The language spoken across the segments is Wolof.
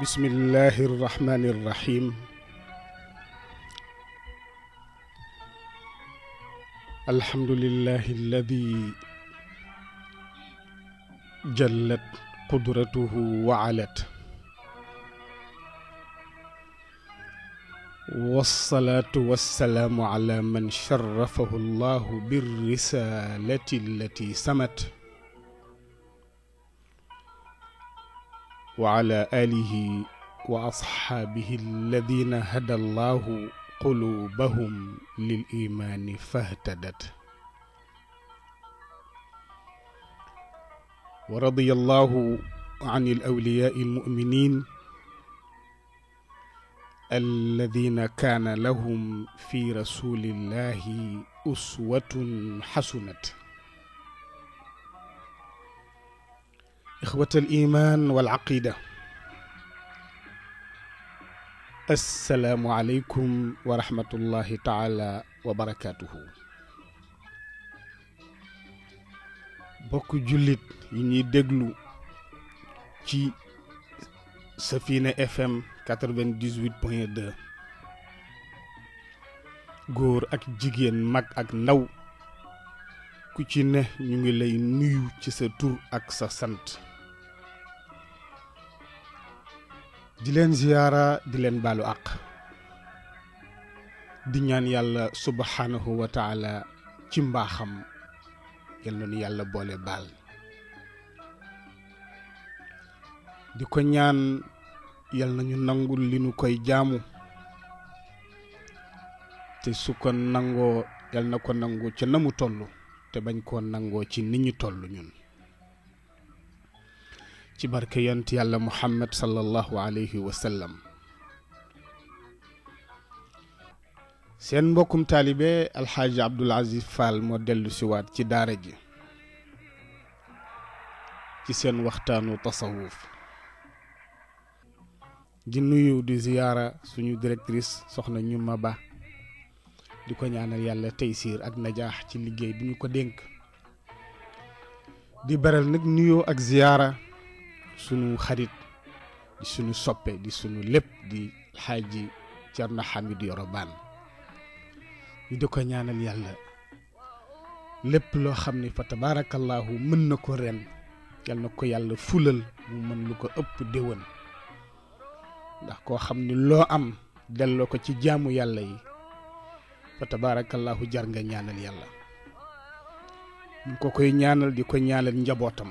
بسم الله الرحمن الرحيم الحمد لله الذي جلت قدرته وعلت والصلاة والسلام على من شرفه الله بالرسالة التي سمت وعلى آله وأصحابه الذين هدى الله قلوبهم للإيمان فاهتدت ورضي الله عن الأولياء المؤمنين الذين كان لهم في رسول الله أسوة حسنة إخوة الإيمان والعقيدة السلام عليكم ورحمة الله تعالى وبركاته بوكو جوليت يني دغلو تي سفينة اف ام 98.2 غور اك جيجين ماك اك ناو كوتي نه نيغي لاي نيو تي سا تور اك سا سانت di leen ziyaara di leen baalu àq di ñaan yàlla subhaanahu wa taala ci mbaaxam yal yàlla boole baal di ko ñaan yal na ñu nangul li nu koy jaamu te su ko nangoo yal na ko nangu ca na mu toll te bañ koo nangoo ci ni ñi toll ñun ci barke yent yàlla muhammad sallallahu alayhi wa sallam mbokum talibé al hajj abdul aziz fall delu ci wat ci dara ji ci sen waxtanu tasawuf di nuyu di ziyara suñu directrice soxna ñu maba di ko ñaanal yàlla taysir ak najaax ci liggéey bi ñu ko dénk di beral nak nuyo ak ziyara sunu xarit di sunu soppe di sunu lépp di xaaji Cerno Hamidou Yoro Bane ñu di ko ñaanal yàlla lépp loo xam ni fa tabaarakallaahu mën na ko ren yal na ko yàlla fulal mu mën lu ko ëpp déwén ndax koo xam ni loo am delloo ko ci jaamu yàlla yi fa tabaarakallaahu jar nga ñaanal yàlla mu ko koy ñaanal di ko ñaanal njabootam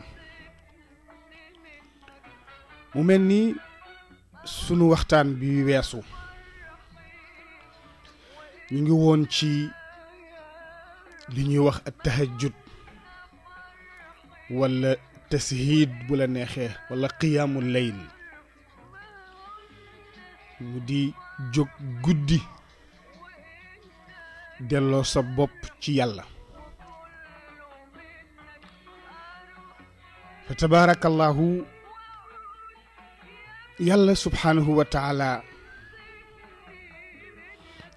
mu mel ni sunu waxtaan bi weesu ñu ngi woon ci li ñuy wax ak tahajjud wala tashiid bu la neexee wala qiyaamu layl mu di jóg guddi delloo sa bopp ci yàlla fa tabaarakallahu yàlla subhaanahu wa taala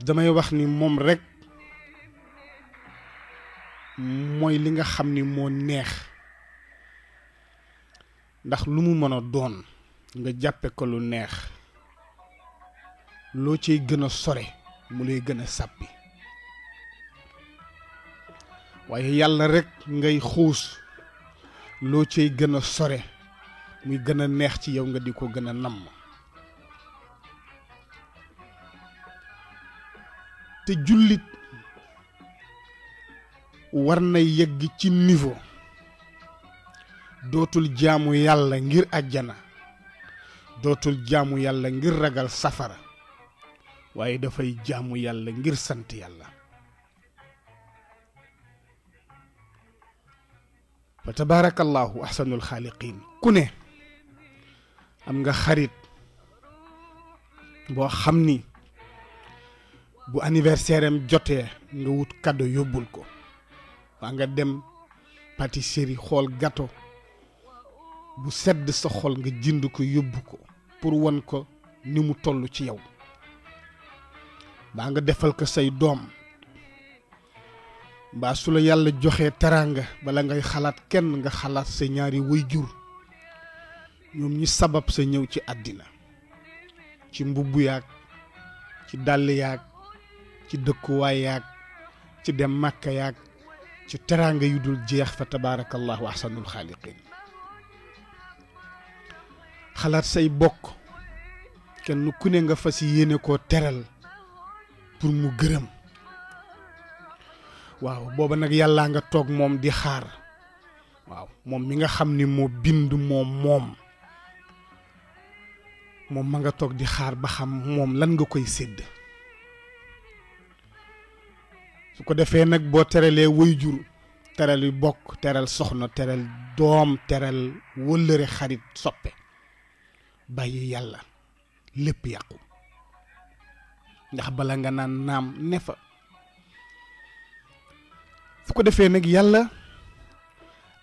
damay wax ni moom rekk mooy li nga xam ni moo neex ndax lu mu mën a doon nga jàppe ko lu neex loo ciy gën a sore mu lay gën a sàppi waaye yàlla rekk ngay xuus loo ciy gën a sore muy gën a neex ci yow nga di ko gën a namm te jullit war na yegg ci niveau dootul jaamu yàlla ngir àjjana dootul jaamu yàlla ngir ragal safara waaye dafay jaamu yàlla ngir sant yàlla fa tabaarakallaahu ahsanul xaaliqiin ku ne am nga xarit boo xam ni bu anniversaire am jotee nga wut cadeau yóbbul ko waa nga dem pâtisserie xool gâteau bu sedd sa xol nga jënd ko yóbbu ko pour wan ko ni mu toll ci yow baa nga defal ko say doom baa su la yàlla joxee teraanga bala ngay xalaat kenn nga xalaat sa ñaari way jur ñoom ñi sabab sa ñëw ci àddina ci mbubb yàgg ci dàll yaag ci dëkkuwaay yaag ci dem màkka yaag ci teraanga yi dul jeex fa tabaarakallahu ahsanul xaaliqin xalaat say bokk kenn ku ne nga fas yéene koo teral pour mu gërëm waaw booba nag yàllaa nga toog moom di xaar waaw moom mi nga xam ni moo bind moom moom moom ma nga toog di xaar ba xam moom lan nga koy sédd su ko defee nag boo tereelee way jur teral yu bokk teral soxna teral doom teral wëllëre xarit soppe bàyyi yàlla lépp yàqu ndax bala nga naan naam ne fa su ko defee nag yàlla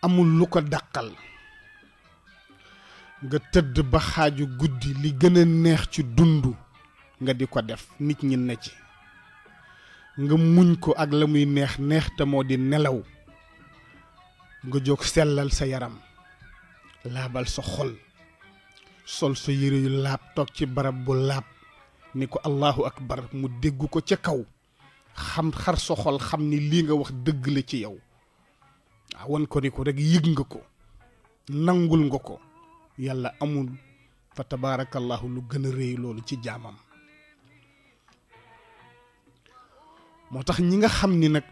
amul lu ko dàqal nga tëdd ba xaaju guddi li gën a neex ci dund nga di ko def nit ñi ne ci nga muñ ko ak la muy neex neex te moo di nelaw nga jóg sellal sa yaram laabal sa xol sol sa yére yu laab toog ci barab bu laab ni ko allahu akbar mu dégg ko ca kaw xam xar sa xol xam ni lii nga wax dëgg la ci yow waaw ah, wan ko ni ko rek yëg nga ko nangul nga ko yàlla amul fa tabaarakallahu lu gën a rëy loolu ci jaamam moo tax ñi nga xam ni nag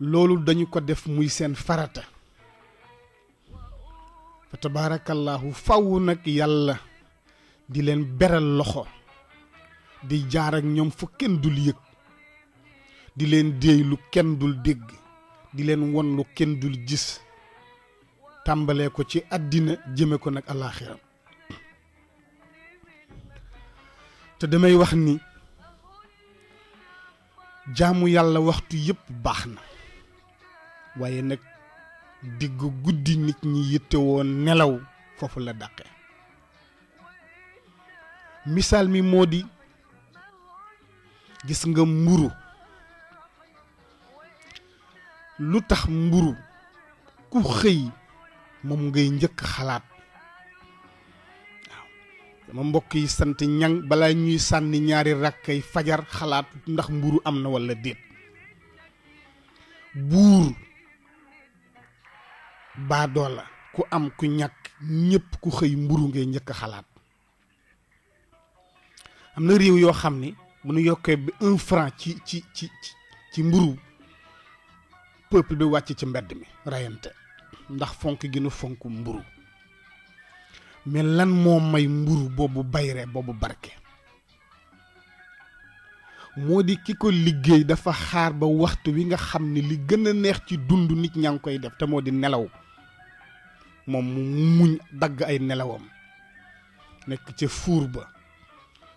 loolu dañu ko def muy seen farata fa tabaarakallahu faw nag yàlla di leen beral loxo di jaar ak ñoom fu kenn dul yëg di leen déey lu kenn dul dégg di leen won lu kenn dul gis tàmbalee ko ci àddina jëme ko nag àllaaxira te damay wax ni jaamu yàlla waxtu yépp baax na waaye nag diggu guddi nit ñi yittewoo nelaw foofu la dàqe misaal mi moo di gis nga mburu lu tax mburu ku xëy moom ngay njëkk xalaat waaw sama mbokk yi sant ñang balaa ñuy sànni ñaari rakkay fajar xalaat ndax mburu am na walla déet buur baadoola ku am ku ñakk ñépp ku xëy mburu ngay njëkk xalaat am na réew yoo xam ni bu nu yokkee bi un franc ci ci ci ci mburu peuple bi wàcc ci mbedd mi rayante ndax fonk gi nu fonk mburu mais lan moo may mburu boobu bayre boobu barke moo di ki ko liggéey dafa xaar ba waxtu wi nga xam ni li gën a neex ci dund nit ñaa ngi koy def te moo di nelaw moom mu muñ dagg ay nelawam nekk ca fuur ba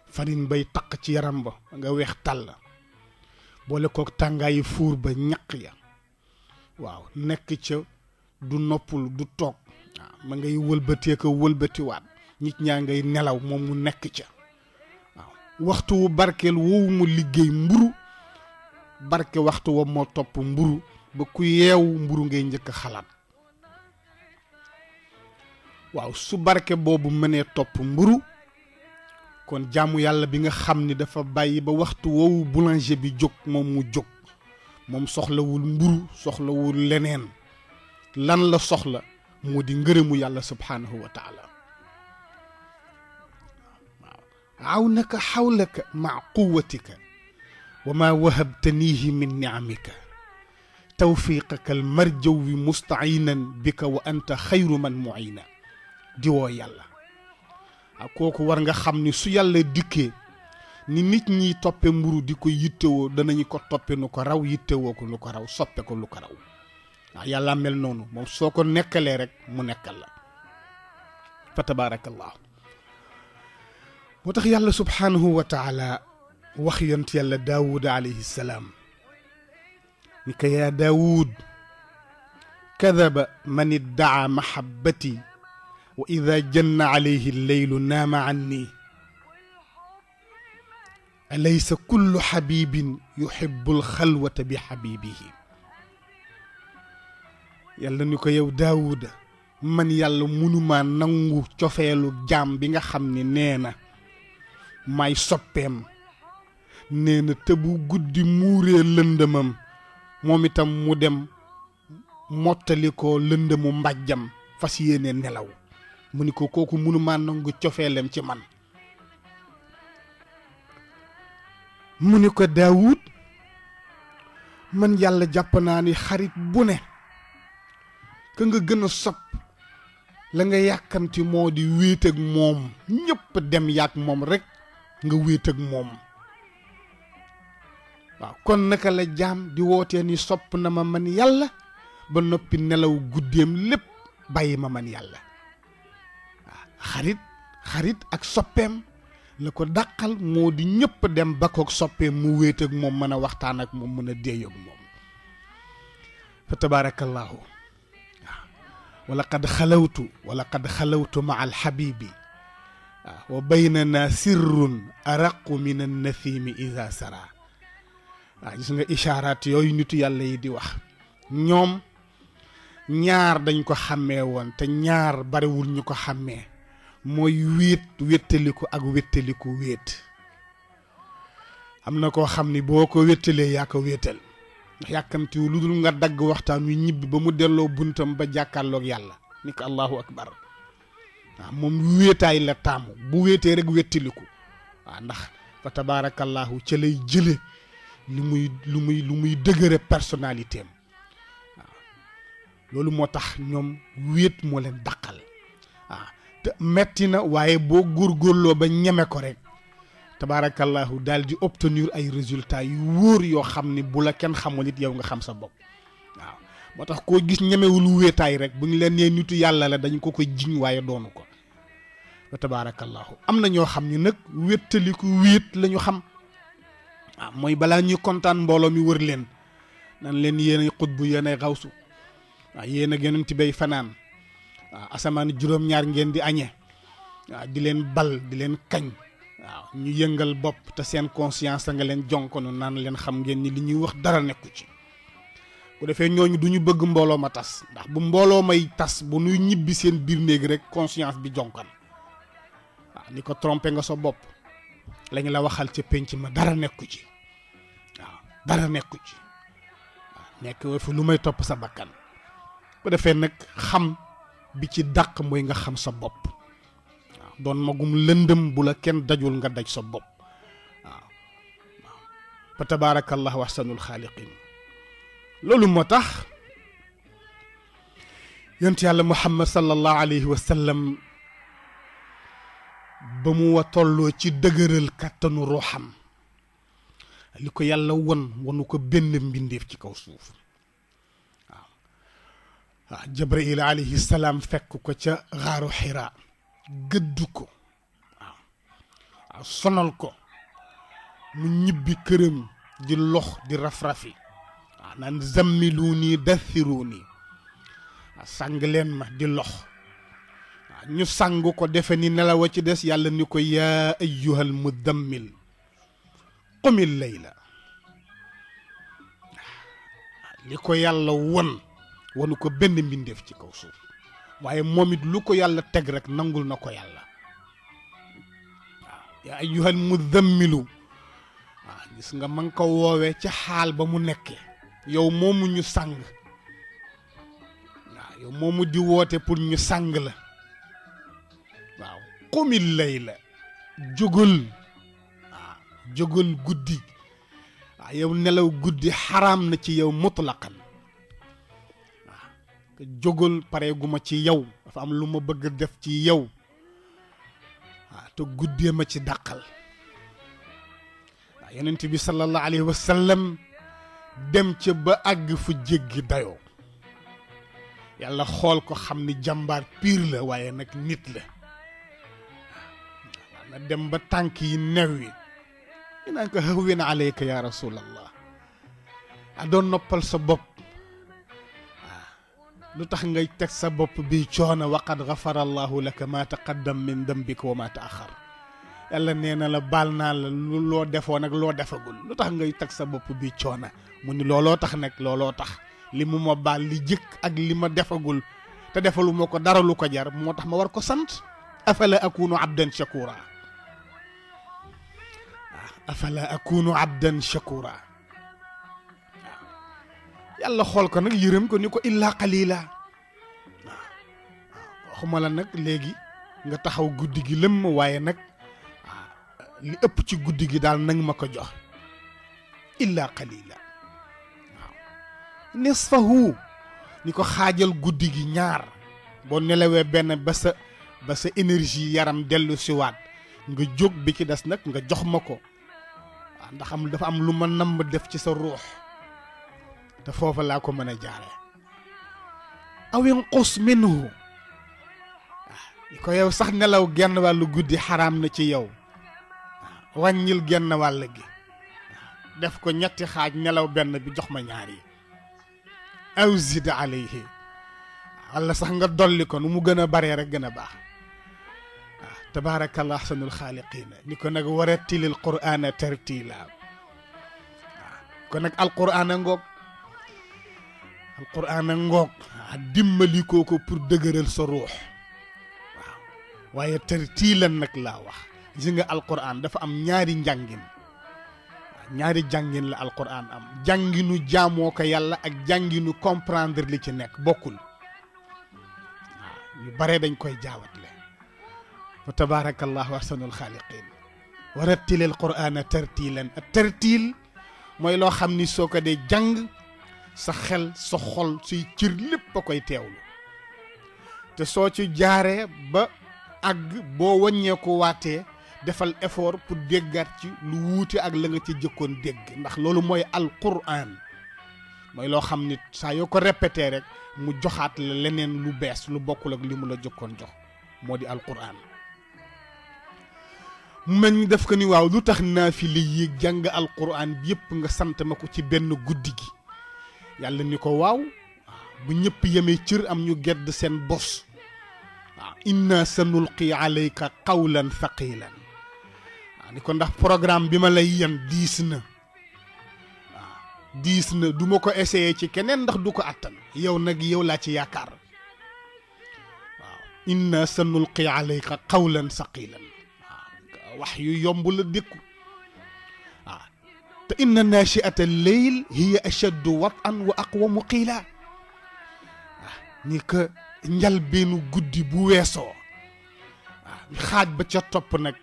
farine bay taq ci yaram ba nga weex tàll boole kook tàngaayu fuur ba ñaq ya waaw nekk ca du noppul du toog waaw ma ngay wëlbatee ko wëlbatiwaat nit ñaa ngay nelaw moom mu nekk ca waaw waxtu wu barkeel woowu liggéey mburu barke waxtu wa moo topp mburu ba ku yeewu mburu ngay njëkk a xalaat waaw su barke boobu mënee topp mburu kon jaamu yàlla bi nga xam ni dafa bàyyi ba waxtu woowu boulanger bi jóg moom mu jóg moom soxlawul mburu soxlawul leneen lan la soxla moo di ngërëmu yàlla subhanahu wa taala عونك حولك مع قوتك وما وهبتنيه من نعمك توفيقك المرجو مستعينا بك وانت خير من معينا diwoo yàlla kooku war nga xam ni su yàlla dikkee ni nit ñiy toppe mburu di ko yittewoo danañu ko toppe nu ko raw yittewoo ko lu ko raw soppe ko lu ko raw ndax yàlla mel noonu moom soo ko nekkalee rek mu nekkal la fa tabaarakallahu moo tax yàlla subhanahu wa taala wax yont yàlla daawud alayhi salaam ni ka yaa daawud kadaba man iddaa mahabbati wa ida janna alayhi leylu naama anni alaysa kullu xabibin yuxibu alxalwata bi xabibihi yàlla ni ko yow daawuda man yàlla mënumaa nangu cofeelu jaam bi nga xam ni nee na maay soppeem nee tëbu te bu guddi muuree lëndëmam moom itam mu dem mottali ko lëndëmu mbàjjam fas yéene nelaw mu ni ko kooku mënumaa nangu cofeelam ci man mu ni ko daawud man yàlla jàpp naa ni xarit bu ne ka nga gëna a sopp la nga yàkkamti moo di wéet ak moom ñëpp dem yàgg moom rekk nga wéet ak moom waaw kon naka la jaam di wootee ni sopp na ma man yàlla ba noppi nelaw guddeem lépp bàyyi ma man yàlla waaw xarit xarit ak soppeem la ko dàqal moo di ñëpp dem ba kook soppeem mu wéet ak moom mën a waxtaan ak moom mën a déey ak moom fa tabaarakallaahu ولقد خلوت ولقد خلوت مع الحبيب وبيننا سر أرق من النثيم إذا سرى gis nga ishaaraat yooyu nitu yàlla yi di wax ñoom ñaar dañ ko xàmmee woon te ñaar barewul ñu ko xàmmee mooy wéet wéttaliku ak wéttaliku wéet am na koo xam ni boo ko wéttalee yaa ko wéetal yàkkamtiwu lu dul nga dagg waxtaan wi ñibbi ba mu delloo buntam ba jàkkaarloog yàlla ni ko allahu akbar waaw moom wéetaay la taamu bu wéetee rek wettiliku waaw ndax fa tabaarakallahu ca lay jële li muy lu muy lu muy dëgëre personnalité waaw loolu moo tax ñoom wéet moo leen daqal waaw te metti na waaye boo góor góorloo ba ñeme ko rek tabaarakallaahu daal di obtenir ay résultats yu wóor yoo xam ni bu la kenn xamul it yow nga xam sa bopp waaw moo tax koo gis ñemewul wéetaay rek bu ñu leen nee nitu yàlla la dañu ko koy jiñ waaye doonu ko fa tabaarakallaahu am na ñoo xam ni nag wéttaliku wéet lañu xam waaw mooy balaa ñuy kontaan mbooloo mi wër leen nan leen yéen ay xutbu yéen ay xawsu waaw yéen ak yonent bay fanaan waaw asamaan juróom-ñaar ngeen di añe waaw di leen bal di leen kañ waaw ñu yëngal bopp te seen conscience nga leen jonkonu naan leen xam ngeen ni li ñuy wax dara nekku ci bu defee ñooñu duñu bëgg mbooloo ma tas ndax bu mbooloo may tas bu nuy ñibbi seen biir néeg rek conscience bi jonkan waaw ni ko trompé nga sa bopp lañ la waxal ci penc ma dara nekku ci waaw dara nekku ci nekk lu may topp sa bakkan bu defee nag xam bi ci dàq mooy nga xam sa bopp don magum lëndëm bula ken dajul nga daj sa bop waaw waaw fa ahsanul khaliqin lolou motax yent yàlla muhammad sallallahu alayhi wa sallam bamu wa tollo ci degeural katanu ruham liko yàlla won wonuko ben mbindef ci kaw suuf waaw waaw jibril alayhi salaam fekk ko ca xaaru xiraa gëddu ko waaw waaw sonal ko mu ñibbi këram di lox di rafrafi waaw naan zammiluu nii dathiruu nii sàng leen ma di lox waaw ñu sàng ko defe ni nelaw a ci des yàlla ni ko yaa ayyuhal muddammil qumil layla li ko yàlla won wanu ko benn mbindeef ci kaw suuf waaye moom it lu ko yàlla teg rek nangul na ko yàlla waaw yaa ayyuhal muzammilu waaw gis nga ma nga ko woowee ca xaal ba mu nekkee yow moomu ñu sàng waaw yow moomu di woote pour ñu sàng la waaw qumil la jógal waaw jógal guddi waaw yow nelaw guddi xaraam na ci yow mutlaqan jógul pareeguma ci yow dafa am lu ma bëgg def ci yow waaw ah, te guddee ma ci dàqal waaw ah, bi sallallahu alayhi dem ca ba àgg fu jéggi dayoo yàlla xool ko xam ni jàmbaar piir la waaye nag nit la na ah, dem ba tànk yi new yi ñu naan ko hawwin alayka ya rasulallah a doon noppal sa bopp lu tax ngay teg sa bopp bi coono waqad gafara allahu laka ma taqaddam min dambika wa ma taaxar yàlla nee na la baal naa la lu loo defoon ak loo defagul lu tax ngay teg sa bopp bi coono mu ni looloo tax nag looloo tax li mu ma baal li jëkk ak li ma defagul te defalu ma ko dara lu ko jar moo tax ma war ko sant afala akunu abdan shakura afala akunu abdan shakura yàlla xool ko nag yërëm ko ni ko illaa qalila waaw waxuma nag léegi nga taxaw guddi gi lëmm waaye nag li ëpp ci guddi gi daal nag ma ko jox illaa qalila waaw nisfahu ni ko xaajal guddi gi ñaar boo nelawee benn ba sa ba sa énergie yaram dellu siwaat nga jóg bi ci des nag nga jox ma ko waaw ndax am dafa am lu ma namm def ci sa ruux te foofa laa ko mën a jaare aw inqus minhu waaw ko yow sax nelaw genn wàllu guddi xaraam na ci yow waaw wàññil genn wàll gi def ko ñetti xaaj nelaw benn bi jox ma ñaar yi aw zid alayhi walla sax nga dolli ko nu mu gën a baree rek gën a baax waaw tabaarakallah ahsanul xaaliqiina ni ko nag warattilil quraana tartiila waaw kon nag alquraana ngoog alquran a ngoog dimbali koo ko pour dëgëral sa ruux waaw waaye tartiilan nag laa wax gis nga alquran dafa am ñaari njàngin ñaari jàngin la alquran am jànginu jaamoo ko yàlla ak jànginu comprendre li ci nekk bokkul waaw ñu bare dañ koy jaawatle fa tabarakallahu ahsanul xaaliqin wa rattilil qurana tartilan tartil mooy loo xam ni soo ko dee jàng sa xel sa xol suy cir lépp a koy teewlu te soo ci jaaree ba àgg boo wàññeeku waatee defal effort pour déggaat ci lu wuute ak la nga ci jëkkoon dégg ndax loolu mooy alquran mooy loo xam ni saa yoo ko répété rek mu joxaat la leneen lu bees lu bokkul ak li mu la jëkkoon jox moo di alquran mu mel def ko ni waaw lu tax naafile yi jàng alquran bi yëpp nga sant ma ko ci benn guddi gi yàlla ni ko waaw bu ñëpp yemee cër am ñu gedd seen bos inna sanulqi alayka qawlan thaqilan waaw ni ko ndax programme bi ma lay yen diis na waaw diis na du ma ko essayé ci keneen ndax du ko àttan yow nag yow laa ci yaakaar waaw inna sanulqi alayka qawlan thaqilan wax yu yomb la dékku إن ناشئة الليل هي أشد وطئا وأقوى مقيلا آه، نيك نجل بينو قدي بويسو آه، خاج بچتوب نك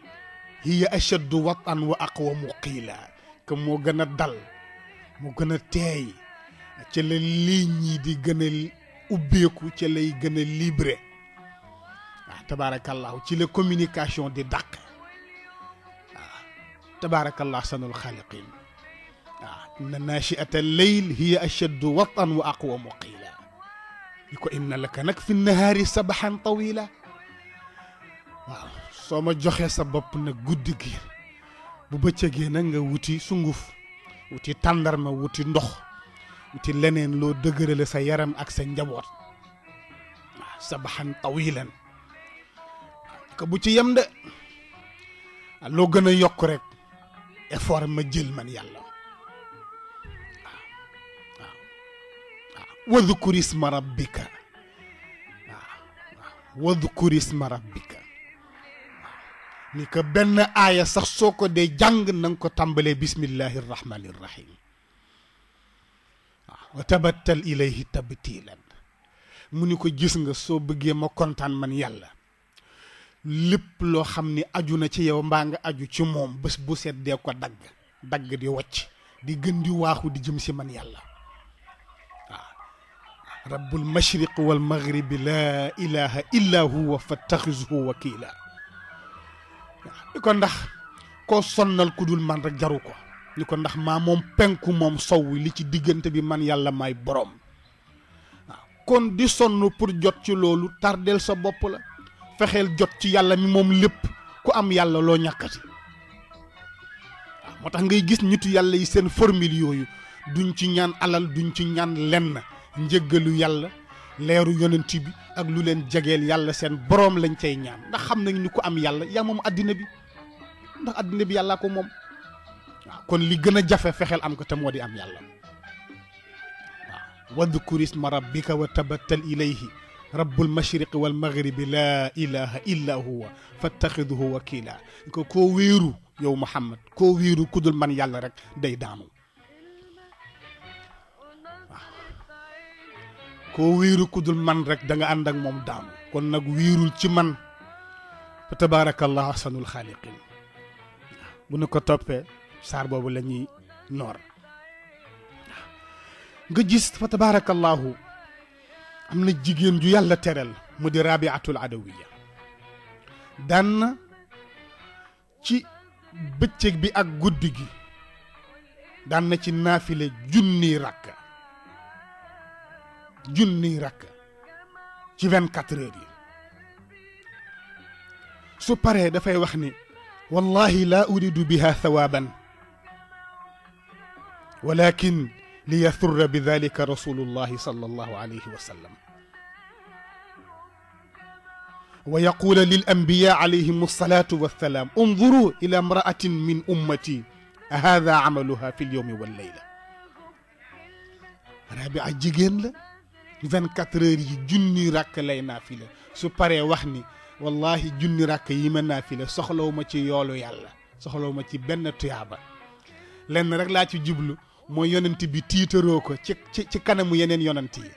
هي أشد وطئا وأقوى مقيلا كمو غنى دل مو غنى تاي تيلا ليني آه، دي غنى ubbeeku ci lay gën a libre ah tabaarakallah ci la communication di dàq ah tabaarakallah sanul xaliqin إن ناشئة الليل هي أشد وطئا وأقوم قيلا إن لك nag fi nahaari sabaxan tawila waaw soo ma joxee sa bopp nag guddi gi bu bëccëgee nag nga wuti sunguf wuti tàndarma wuti ndox wuti leneen loo dëgërale sa yaram ak sa njaboot waaw sabaxan tawilan ko bu ci yem de loo gën a yokk rek effort ma jël man yàlla wadhkur isma rabbika waaw wadhkur isma rabbika ni ko benn aaya sax soo ko dee jàng na ko tàmbalee bismillahi irrahmani irrahim waaw wa tabattal ilayhi tabtilan mu ni ko gis nga soo bëggee ma kontaan man yàlla lépp loo xam ni aju na ci yow mbaa nga aju ci moom bu set ko dagg dagg di wacc di gën di waaxu di jëm ci man yàlla رب المشرق والمغرب لا إله إلا هو فاتخذه وكيلا نعم، نكون نخ كو سن الكدول من رك جاروكو نكون نخ ما موم پنكو موم صوي لكي ديگن تبي من يالا ماي بروم كون دي سن نو پور جوت چي لولو تردل سا بوبولا فخيل جوت چي يالا مي موم لب كو ام يالا لو نيكاتي motax ngay gis ñittu yalla yi seen formule yooyu duñ ci ñaan alal duñ ci ñaan lenn njëggalu yàlla leeru yonent bi ak lu leen jegeel yàlla seen boroom lañ cay ñaan ndax xam nañ ni ku am yàlla yaa moom àddina bi ndax àddina bi yàllaa ko moom kon li gën a jafe fexeel am ko te moo di am yàlla waaw wadkur isma rabbika wa tabattal ilayhi rabbul mashriqi wal maghribi laa ilaha illa huwa fattaxiduhu wakila ko koo wéeru yow muhammad koo wéeru kudul man yàlla koo wiiru kudul man rek danga ànd ak moom daam kon nag wiirul ci man fa tabaarakallahu ahsanul xaaliqin bu nu ko toppee saar boobu la ñuy noor nga gis fa tabaarakallahu am na jigéen ju yàlla tereel mu di rabiatul adawiya daan na ci bëccëg bi ak guddi gi daan na ci naafile junniy rakka جوني راك تي 24 يي سو باري دا فاي واخني والله لا اريد بها ثوابا ولكن ليثر بذلك رسول الله صلى الله عليه وسلم ويقول للانبياء عليهم الصلاه والسلام انظروا الى امراه من امتي اهذا عملها في اليوم والليله رابعه جيجين 24 heures yi junni rakk lay naafila su paree wax ni wallahi junni rakk yi ma naafila soxlawu ma ci yoolu yàlla soxlawu ma ci benn tuyaaba lenn rek laa ci jublu mooy yonent bi tiitaroo ko ci ci ci kanamu yeneen yonent yi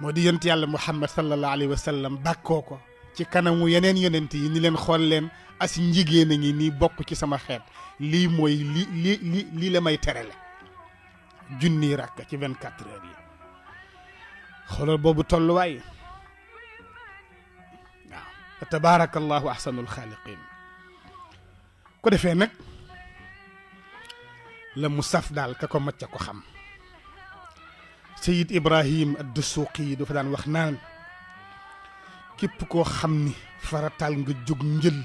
moo di yonent yàlla muhammad sallallahu alayhi wa sallam bàkkoo ko ci kanamu yeneen yonent yi ni leen xool leen as njigéen a ngi nii bokk ci sama xeet lii mooy li li lii la may la جني راكا تي 24 هي خولال بوبو تولو واي تبارك الله احسن الخالقين كو ديفه نك لمصاف دال كاكو ماتيا كو خام سيد ابراهيم الدسوقي دو فدان وخنان كيب كو خامني فراتال nga جوغ نجل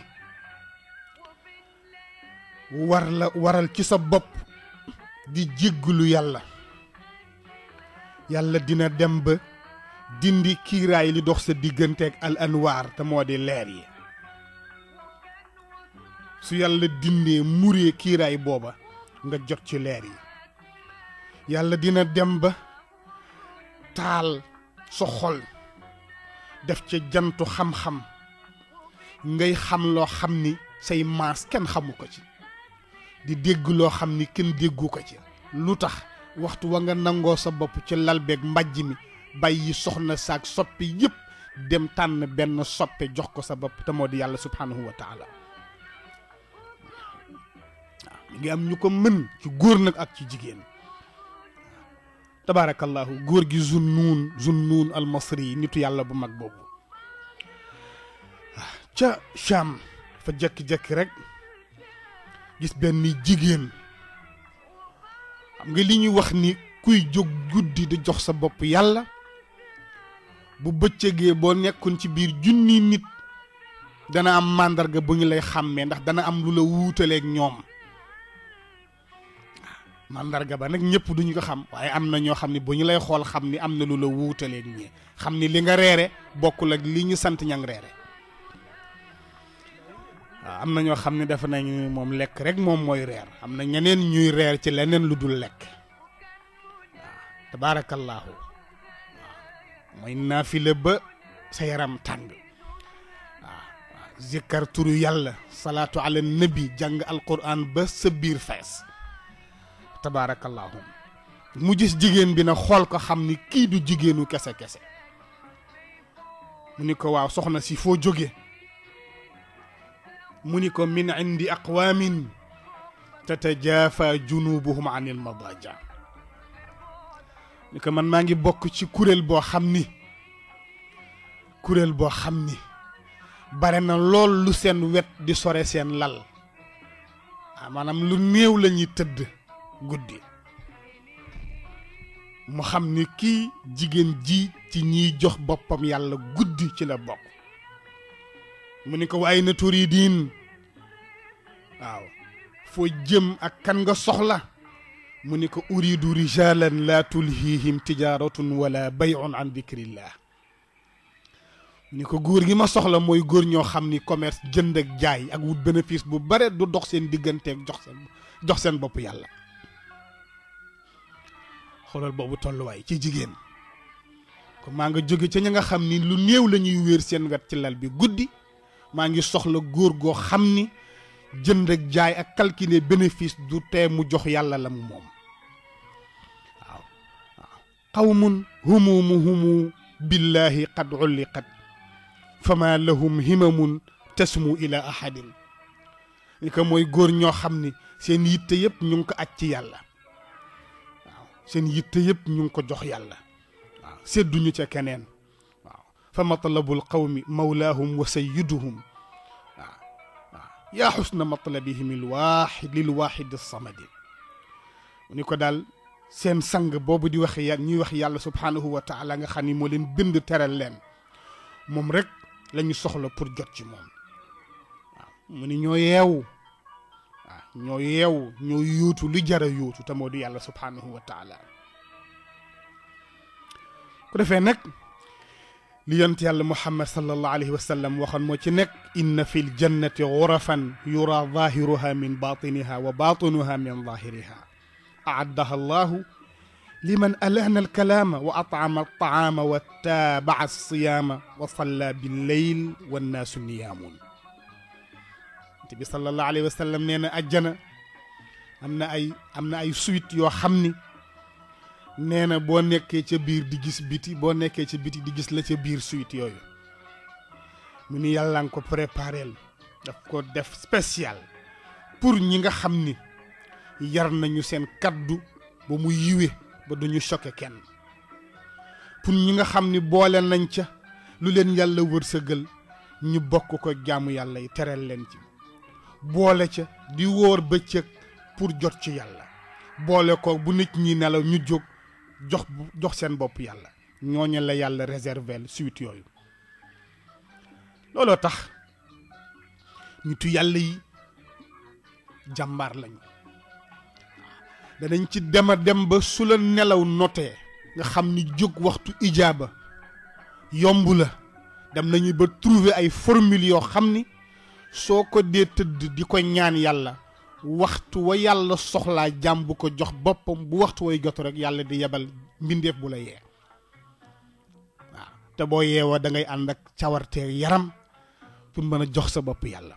warla waral ci sa bop di jéggulu yàlla yàlla dina dem ba dindi kiiraay li dox sa digganteeg al anwaar te moo di leer yi su yàlla dindee muree kiiraay booba nga jot ci leer yi yàlla dina dem ba taal sa xol def ca jantu xam-xam ngay xam loo xam ni say maas kenn xamu ko ci di dégg loo xam ni kenn déggu ko ci lu tax waxtu wa nga nangoo sa bopp ci lal mbàjj mi bàyyi soxna saak soppe yépp dem tànn benn soppe jox ko sa bopp te moo di yàlla subhaanahu wa ngi am ñu ko mën ci góor nag ak ci jigéen tabaarakallaahu góor gi zunnuun zunnuun almasri yi nitu yàlla bu mag boobu ca Cham fa jëkki-jëkki rek gis benn jigéen xam nga li ñuy wax ni kuy jóg guddi di jox sa bopp yàlla bu bëccëgee boo nekkoon ci biir junni nit dana am màndarga bu ñu lay xàmmee ndax dana am lu la wuutaleek ñoom màndarga ba nag ñëpp duñu ko xam waaye am na ñoo xam ne bu ñu lay xool xam ni am na lu la wuutaleeg ñi xam ni li nga reere bokkul ak li ñu sant ñang reere waaw ah, am na ñoo xam ne defe nañu moom lekk rek moom mooy reer am na ñeneen ñuy reer ci leneen lu dul lekk waaw ah, tabaarakallaahu muy ah, mooy naafile ba sa yaram tàng waaw zikkar yàlla salaatu ala nabi jàng alquran ba sa biir fees tabaarakallaahu mu gis jigéen bi na xool ko xam ni kii du jigéenu kese kese mu ni ko waaw soxna si foo jóge mu ni ko min indi aqwaamin tatajaafa junubuhum an il madaja ni ko man maa ngi bokk ci kuréel boo xam ni kuréel boo xam ni bare na lool lu seen wet di sore seen lal ah maanaam lu néew lañuy tëdd guddi mu xam ni kii jigéen ji ci ñuy jox boppam yàlla guddi ci la bokk mu ne ko waaye na turi diin waaw foo jëm ak kan nga soxla mu ni ko uridu rijalan la tulhihim tijaratun wala bayoon an dicrillah mu ni ko góor gi ma soxla mooy góor ñoo xam ni commerce jënd ak jaay ak wut bénéfice bu bare du dox seen digganteeg jox seen jox seen bopp yàlla xoolal boobu tolluwaay ci jigéen ko maa nga jóge ca ña nga xam ni lu néew lañuy ñuy wéer seen wet ci lal bi guddi maa ngi soxla góor goo xam ni jënd ak jaay ak calculer bénéfice du tee mu jox yàlla la mu moom waaw waaw qawmun humumuhumu billahi qad ulliqat fama lahum himamun tasmu ila ahadin ni ko mooy góor ñoo xam ni seen yitte yëpp ñu ngi ko aj ci yàlla waaw seen yitte yëpp ñu ngi ko jox yàlla waaw sedduñu ca keneen فمطلب القوم مولاهم وسيدهم يا حسن مطلبهم الواحد للواحد الصمد ونيكو دال سين سانغ بوبو دي وخي ني وخي يالله سبحانه وتعالى غا خاني مولين بند تيرال لين موم ريك لا ني سوخلا بور جوت سي موم موني ньо ييو ньо ييو ньо يوتو لي جارا يوتو تامودو يالله سبحانه وتعالى كو دافي نك ليونت يال محمد صلى الله عليه وسلم وخان موتي نيك ان في الجنه غرفا يرى ظاهرها من باطنها وباطنها من ظاهرها اعدها الله لمن الهن الكلام واطعم الطعام وتابع الصيام وصلى بالليل والناس نيام النبي صلى الله عليه وسلم نينا اجنا امنا اي امنا اي سويت يو خمني nee na boo nekkee ca biir di gis biti boo nekkee ca biti di gis la ca biir suite yooyu mu ni yàlla nga ko préparel daf ko def spécial pour ñi nga xam ni yar nañu seen kàddu ba mu yiwe ba duñu choqué kenn pour ñi nga xam ni boole nañ ca lu leen yàlla wërsëgal ñu bokk ko jaamu yàlla yi tereel leen ci boole ca di wóor bëccëg pour jot ci yàlla boole ko bu nit ñi nelaw ñu jóg jox jox seen bopp yàlla ñooñu la yàlla réservel suite yooyu looloo tax nitu yàlla yi jàmbaar lañu danañ ci dem a dem ba su la nelaw notee nga xam ni jóg waxtu ijaaba yomb la dem nañu ba trouver ay formule yoo xam ni soo ko dee tëdd di ko ñaan yàlla waxtu wa yàlla soxlaa jàmm ko jox boppam bu waxtu way jot rek yàlla di yebal mbindeef bu la yee waaw te boo yeewoo da ngay ànd ak cawarteeg yaram pour mën a jox sa bopp yàlla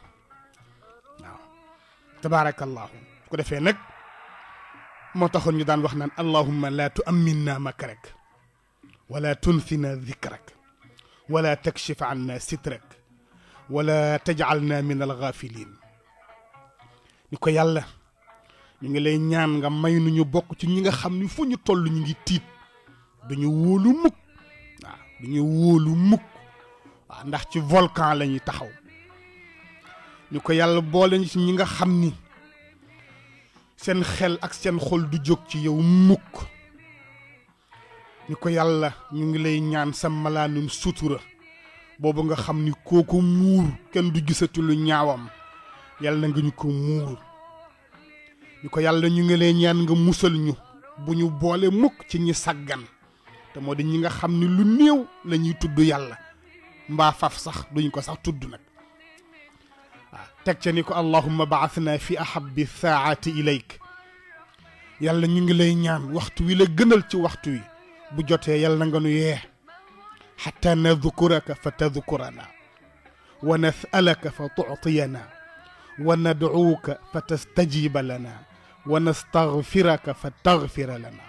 waaw tabaarakallaahu ko defee nag moo taxoon ñu daan wax naan allahumma laa tuamminna makrak wala tunsina dikrak wala takshif anna sitrak wala tajalna min alghafilin ñu ko yàlla ñu ngi lay ñaan nga may nu ñu bokk ci ñi nga xam ni fu ñu toll ñu ngi tiit duñu wóolu mukk waaw duñu wóolu mukk waaw ndax ci volcan la ñuy taxaw ñu ko yàlla boole ci ñi nga xam ni seen xel ak seen xol du jóg ci yow mukk ñu ko yàlla ñu ngi lay ñaan sa malaanum sutura boobu nga xam ni kooku muur kenn du gisatu lu ñaawam yàlla nga ñu ko muur ñu ko yàlla ñu ngi lay ñaan nga musal ñu bu ñu boole mukk ci ñi saggan te moo di ñi nga xam ni lu néew la ñuy tudd yàlla mbaa faf sax duñ ko sax tudd nag teg ca ni ko allahumma baasna fi ahabbi saati ilayk yàlla ñu ngi lay ñaan waxtu wi la gënal ci waxtu wi bu jotee yàlla nga nu yee xatta nadkuraka fa tadkurana wa nasalaka fa tuctiyana wa nad'uuka fa tastajiba lana wa nastaghfiraka fa taghfira lana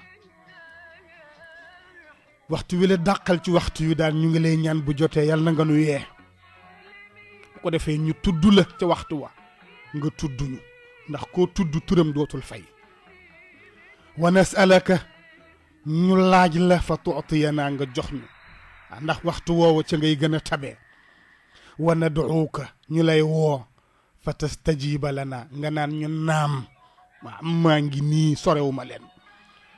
waxtu wi la dàqal ci waxtu wi daal ñu ngi lay ñaan bu jotee yàlla na nga nu yee bu ko defee ñu tudd la ca waxtu wa nga tudd ñu ndax koo tudd turam dootul fay wa nasalaka ñu laaj la fa tuutiyanaa nga jox ñu ndax waxtu woowu ca ngay gën a tabee wa nad'uuka ñu lay woo fa fatastajiba naa nga naan ñu naam waaw maa ngi nii sorewuma leen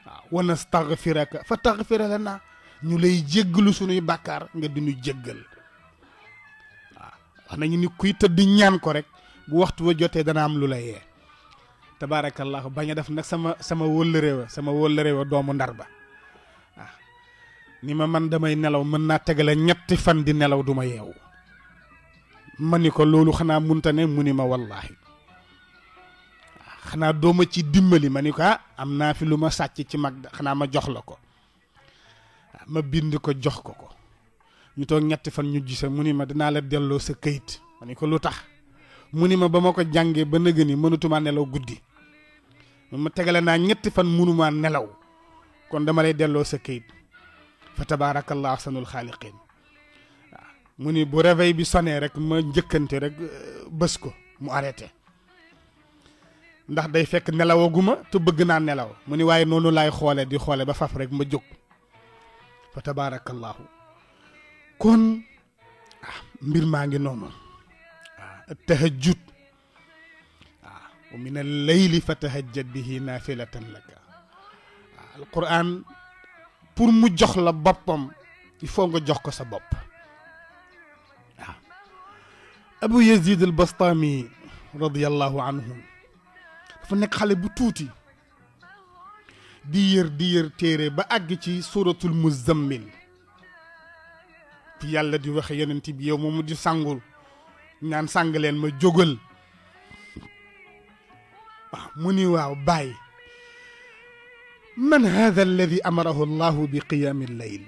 waaw wanastaxfiraka fataxfira lana ñu lay jéggalu sunuy bàkkaar nga diñu jéggal waaw wax nañu ni kuy tëdd ñaan ko rek bu waxtu wa jotee dana am lu la yee tabaarakallahu bañ a def nag sama sama wëllëre wa sama wëllëre wa doomu ndar ba waaw ni ma man damay nelaw mën naa tegale ñetti fan di nelaw du ma yeewu ma ni ko loolu xanaa munta ne mu ni ma wallaahi xanaa dooma ci dimbali ma ni ko ah, am naa fi lu ma sàcc ci mag xanaa ma jox la ko ma bind ko jox ko ko ñu toog ñetti fan ñu gise mu ni ma dinaa la delloo sa këyit ma ni ko lu tax mu ni ma ba ma ko jàngee ba nëgë ni mënatumaa nelaw guddi ma tegale naa ñetti fan mënumaa nelaw kon dama lay delloo sa këyit fa tabaarakallahu ahsanul xaaliqiin mu ni bu réveil bi sonné rek ma njëkkante rek bës ko mu arrêté ndax day fekk nelawaguma te bëgg naa nelaw mu ni waaye noonu laay xoole di xoole ba faf rek ma jóg fa tabaarakallaahu kon ah mbir maa ngi noonu waaw tahajjud waaw wa min al layli fa tahajjad pour mu jox la bopam il faut nga jox ko sa bop ابو يزيد البسطامي رضي الله عنه فا نيك خالي بو توتي دير دير تيري با اغي سوره المزمل في يالا دي وخه يننتي بي يوم مودي سانغول نان سانغلين ما جوغل موني واو باي من هذا الذي امره الله بقيام الليل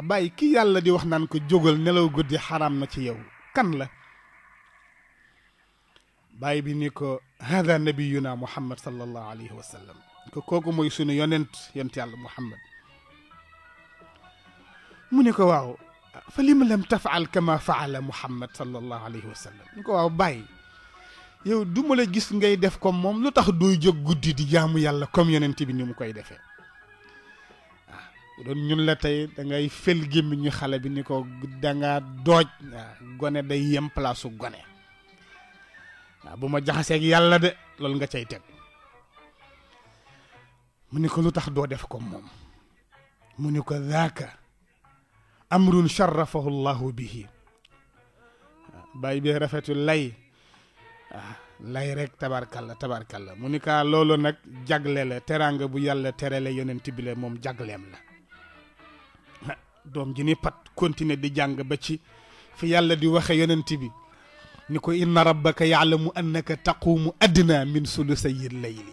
باي كي يالا دي وخ نان كو جوغل نلو غودي حرام ما سي يوم kan la bàyyi bi ni ko hada nabiyuna muhammad sallallahu alayhi wa sallam ko kooku mooy sunu yonent yonent yàlla muhammad mu ne ko waaw fa lima lam tafaal kama faala muhammad sallallahu alayhi wa sallam mu ko waaw bàyyi yow du ma la gis ngay def comme moom lu tax dooy jóg guddi di jaamu yàlla comme yonent bi ni mu koy defee bu doon ñun la tey da ngay fël gémmiñu xale bi ni ko danga dooj gone day yem palaasu gone waaw bu ma jaxaseeg yàlla de loolu nga cay teg mu ni ko lu tax doo def ko moom mu ni ko daaka amrun sharafahu llahu bihi bàyyi bi rafetu lay lay rek la tabarkalla la mu ni kaa loolu nag jagle la teraanga bu yàlla terale yonent bi la moom jagleem la doom ji ni pat continuer di jàng ba ci fi yàlla di waxe yonent bi ni ko inna rabbaka yaalamu annaka taquumu adna min sulusayi llayli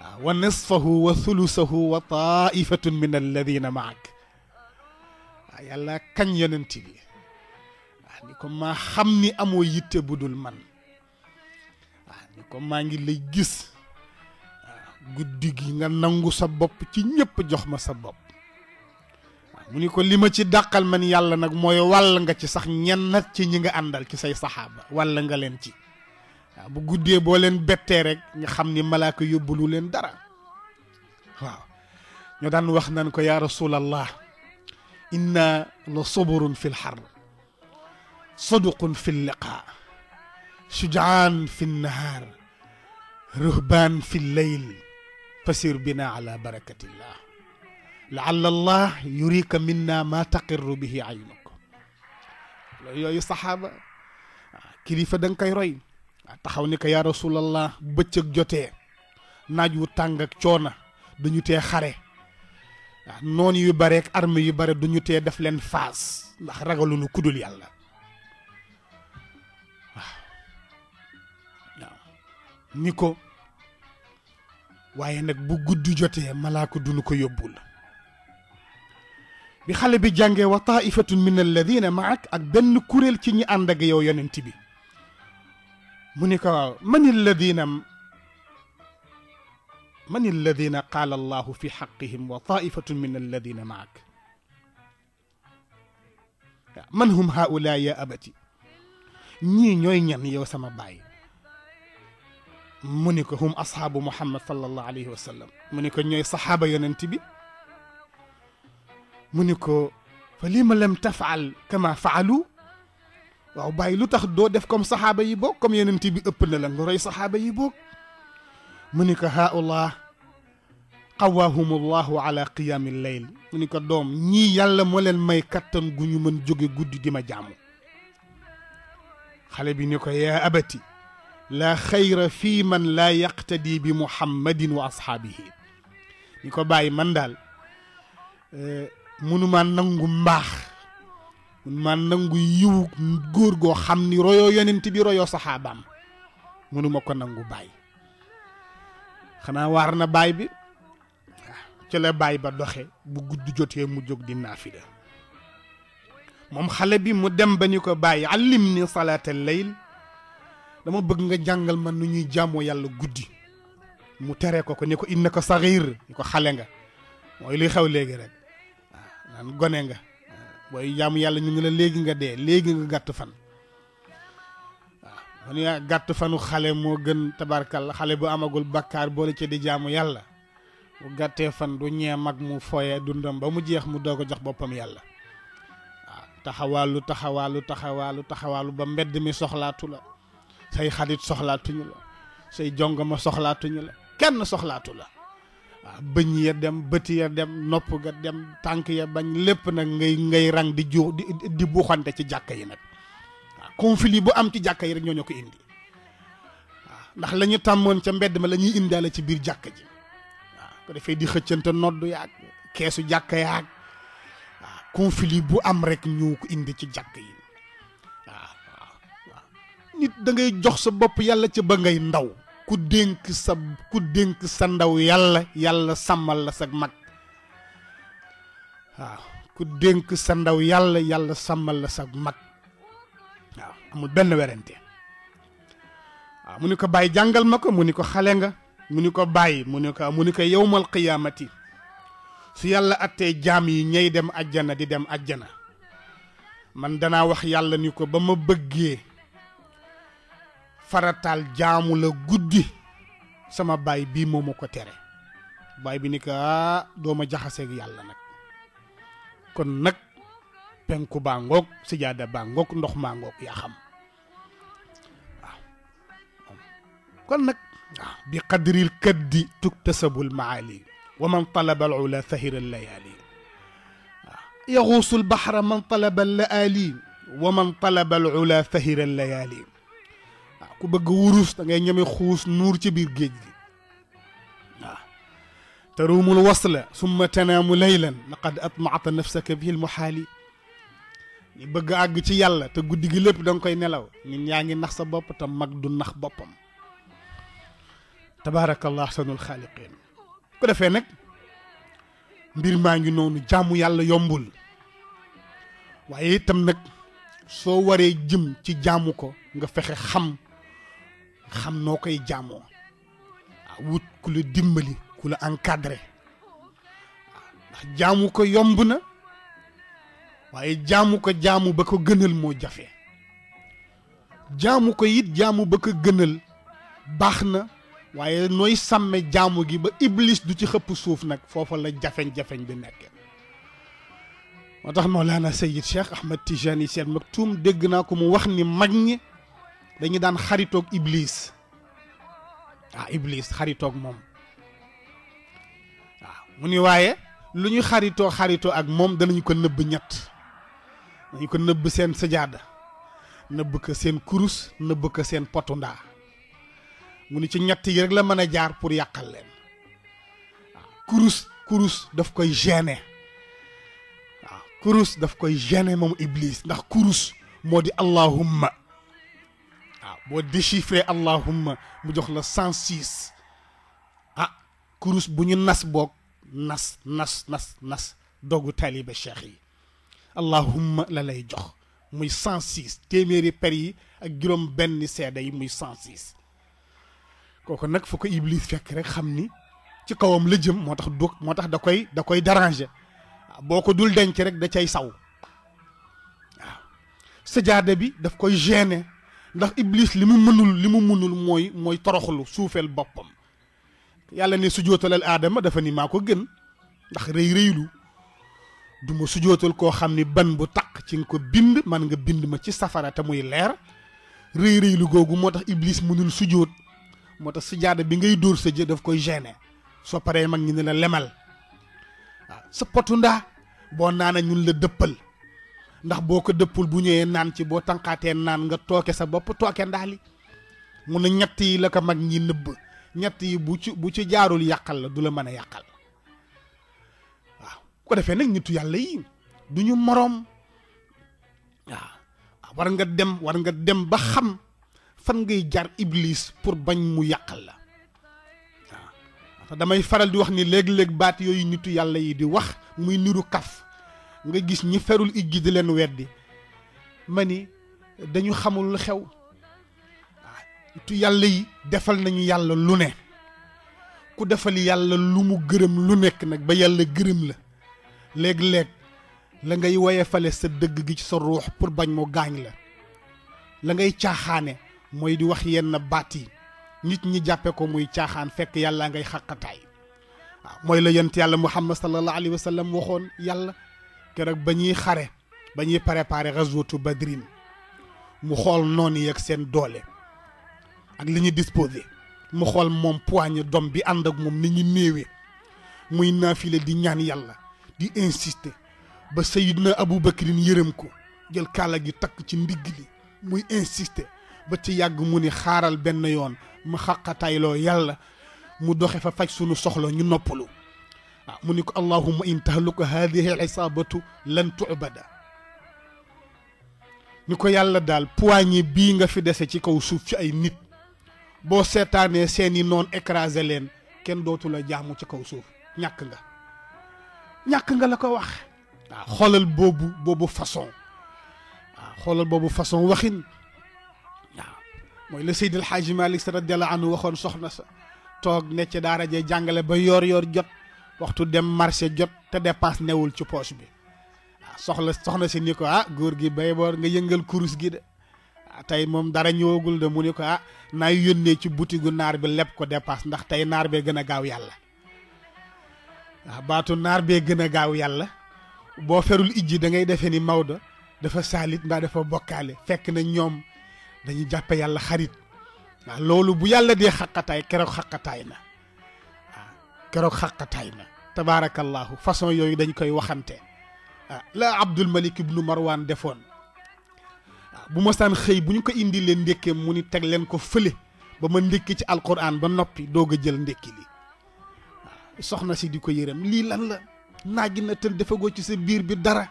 waaw wa nisfahu wa sulusahu wa taifatun min alladina maak waaw yàlla kañ yonent bi ni ko yitte man ni ko ngi lay gis guddi gi nga nangu sa bop ci ñëpp jox ma sa bop mu ni ko li ma ci daqal man yàlla nag mooy wàll nga ci sax ñennat ci ñi nga àndal ci say saxaaba wàll nga leen ci waaw bu guddee boo leen bettee rek ñu xam ni malaaka yóbbulu leen dara waaw ñoo daan wax nan ko yaa rasulallah inna la soborun fi lxar saduqun fi lliqa shujaan fi nnahaar ruhbaan fi lleyl fasir bina ala barakatillah laalla allah yurika minna ma taqirru bihi ayunuk yooyu saxaaba kilifa danga koy roy taxaw ni ko yaa rasulallah bëccëg jotee naaj wu tàng ak coona duñu te xare waaw noon yu bareek armée yu bare duñu tee def leen faas ndax ragaluñu kudul yàlla ni ko waaye nag bu gudd jotee malaaka duñu ko yóbbul bi xale bi jàngee wa taifatun min alladina maak ak benn kuréel ci ñi ànd ak yow yonent bi mu ni ko man alladina man alladina qaala allahu fi xaqihim wa taifatun min alladina maak man hum haula ya abati ñii ñooy ñan yow sama baay mu ni ko hum ashaabu muhammad sallallahu alayhi wa sallam mu ni ko ñooy saxaaba yonent bi مونيكو فليما لم تفعل كما فعلوا واو باي لو تخ دو ديف كوم صحابه يي بوك كوم يننتي بي اوبل لا نغوري صحابه يي بوك منيكو ها الله قواهم الله على قيام الليل منيكو دوم ني يالا مولن ماي كاتان غنيو من جوغي غودي ديما جامو خالي بي نيكو يا ابتي لا خير في من لا يقتدي بمحمد واصحابه نيكو باي من دال أه mënuma nangu mbaax mënuma nangu yiw góor goo xam ni royoo yonent bi royoo saxaabaam mënuma ko nangu bàyyi xanaa waar na baay bi ci la baay ba doxe bu gudd jotee mu jóg di naafila moom xale bi mu dem ba ñu ko bàyyi allim ni salaata layl dama bëgg nga jàngal man nu ñuy jàmmoo yàlla guddi mu tere ko ko ne ko innaka saxiir ni ko xale nga mooy luy xew léegi rek naan gone nga boy jamu yalla ñu ngi la léegi nga dee léegi nga gatt fan man fanu xale mo gën tabarkal xale bu amagul bakkaar boole ci di jamu yalla bu gatté fan du ñee mag mu fooye dundam ba mu jeex mu dogo jox bopam yalla waaw taxawalu taxawalu taxawalu ba mbedd mi soxlaatu la say xarit ñu la say jongama ñu la kenn soxlaatu la bëñ ya dem bëti ya dem nopp ga dem tànk ya bañ lépp nag ngay ngay rang di ju di di buuxante ci jàkk yi nag waaw conflit bu am ci jàkk yi rek ñoo ñoo ko indi waaw ndax lañu tàmmoon ca mbedd ma la ñuy indaale ci biir jàkk ji waaw ko di xëccante noddu yaag keesu jàkka yaag waaw conflit bu am rek ñoo ko indi ci jàkk yi waaw waaw nit da ngay jox sa bopp yàlla ca ba ngay ndaw ku dénk sa ku dénk sa ndaw yàlla yàlla sàmmal la sag mag waaw ku dénk sa ndaw yàlla yàlla sàmmal la sag mag waaw amul benn werante waaw mu ni ko bàyyi jàngal ma ko mu ni ko xale nga mu ni ko bàyyi mu ni ko mu ni ko yowmal qiyaamati su yàlla attee jaam yi ñay dem ajjana di dem ajjana man danaa wax yàlla ni ko ba ma bëggee faratal jaamu la guddi sama bay bi moo tere bay bi ni do ma dooma ak yàlla nak kon nak penku bangok ngoog bangok baa ngoog ndox maa ngoog yaa xam kon nak bi qadril kaddi tuktasabul maali wa man talaba al ula fahira al layali يغوص البحر من طلب اللآلي ومن طلب laali فهر الليالي ula layali ku bëgg wurus da ngay ñeme xuus nuur ci biir géej gi waaw taruumul wasla summa tanaamu laylan laqad atmaata nafsaka bihi lmuxaali ñi bëgg àgg ci yàlla te guddi gi lépp da nga koy nelaw ñun yaa ngi nax sa bopp te mag du nax boppam tabaarakallah ahsanul xaaliqiin ku defee nag mbir maa ngi noonu jaamu yàlla yombul waaye itam nag soo waree jëm ci jaamu ko nga fexe xam xam noo koy jaamoo wut ku la dimbali ku la encadré ndax jaamu ko yomb na waaye jaamu ko jaamu ba ko gënal moo jafe jaamu ko it jaamu ba ko gënal baax na waaye nooy sàmme jaamu gi ba iblis du ci xëpp suuf nag foofa la jafeñ-jafeñ bi nekk moo tax Mawlana Sayid Cheikh Ahmed Tijani Sy Al Maktoum dégg naa ko mu wax ni mag ñi dañu daan xaritoog ibliis waaw iblis ah, xaritook moom waaw ah, mu ni waaye lu ñuy xaritoo xaritoo ak moom danañu ko nëbb ñett dañu ko nëbb seen sajaada nëbb ko seen kurus nëbb ko seen potu mu ni ci ñett yi rek la mën a jaar pour yàqal leen ah, kurus kurus daf koy gêné waaw kurus daf koy gêné moom iblis ndax kurus moo di allahumma bo déchiffrer allahumma mu jox la 106 ah kurus bu ñu nas bok nas nas nas nas dogu taaliba cheikh yi allahumma la lay jox muy 106 téméré per yi ak juróom benn sédé yi muy 106 kooku nak fuko iblis fekk rek xamni ci kawam la jëm motax tax du da koy da koy déranger boko dul denc rek da cey saw waaw sajaada bi daf koy gêner ndax iblis li mu mënul li mu mënul mooy mooy toroxlu suufeel boppam yàlla ne sujootalal aadama dafa ni maa ko gën ndax rëy rëylu du ma sujootal koo xam ni ban bu taq ci nga ko bind man nga bind ma ci safara te muy leer rëy googu moo tax iblis mënul sujoot moo tax sujaada bi ngay dóor sa jë daf koy gêner soo paree mag ñi ne la lemal waaw sa potu ndaa boo naana ñun la dëppal ndax boo ko dëppul bu ñëwee naan ci boo tànqaatee naan nga tooke sa bopp tooke ndaali mu ne ñett yi la ko mag ñi nëbb ñett yi bu ci bu ci jaarul yàqal la du la mën a yàqal waaw ko defee nag nitu yàlla yi du ñu moroom waaw war nga dem war nga dem ba xam fan ngay jar iblis pour bañ mu yàqal la waaw damay faral di wax ni léeg-léeg baat yooyu ñuttu yàlla yi di wax muy niru kaf nga gis ñi ferul ijji di leen weddi ma ni dañu xamul xew tu yàlla yi defal nañu yàlla lu ne ku defal yàlla lu mu gërëm lu nekk nag ba yàlla gërëm la léeg-léeg la ngay woyefale sa dëgg gi ci sa ruux pour bañ mu gaañ la la ngay caaxaane mooy di wax yenn baat yi nit ñi jàppe ko muy caaxaan fekk yàlla ngay xaqataay waaw mooy la yent yàlla muhammad sallallahu alayhi wa sallam waxoon yàlla keroog ba ñuy xare ba ñuy préparé ghazwatu badrin mu xool noonu yeeg seen doole ak li ñuy disposé mu xool moom poigne doom bi ànd ak moom ni ñu néewee muy naafile di ñaan yàlla di insister ba na Seydina Aboubacrin yërëm ko jël kaala gi takk ci ndigg li muy insister ba ci yàgg mu ni xaaral benn yoon ma xaqatayloo yàlla mu doxe fa faj sunu soxla ñu noppalu منك اللهم إن تهلك هذه العصابة لن تعبد نكو يالا دال بواني بيغا في دسي تي كو سوف تي اي نيت بو سيتاني سيني نون اكرازي لين كين دوتو لا جامو تي كو سوف نياكغا نياكغا لا كو واخ خولال بوبو بوبو فاصون خولال بوبو فاصون واخين موي لسيد الحاج مالك رضي الله عنه واخون سخنا سا توك نيتي دارا جي جانغالي با يور يور جوت waxtu dem marché jot te dépense newul ci poche bi waaw ah, soxla soxna si ni ko ah góor gi bay boor nga yëngal kurus gi de ah, tey moom dara ñëwagul de mu ni ko ah naay yónnee ci butigu naar bi leb ko dépense ndax tey naar bee gën a gaaw yàlla waaw ah, baatu naar bee gën a gaaw yàlla boo ferul ijji da ngay defee ni Maodo dafa saalit mbaa dafa bokkaale fekk na ñoom dañu jàppe yàlla xarit waaw loolu bu yàlla dee xaqataay keroog xaqataay na keroog xaqatay na tabaarakallaahu façon yooyu dañ koy waxante ah la abdul malik ibnu marwaan defoon bu mosaan xëy bu ñu ko indi leen ndékkeem mu ni teg leen ko fële ba ma ndékki ci alquran ba noppi doog a jël ndékki li soxna si di ko yërëm lii lan la naagi na tën defagoo ci sa biir bi dara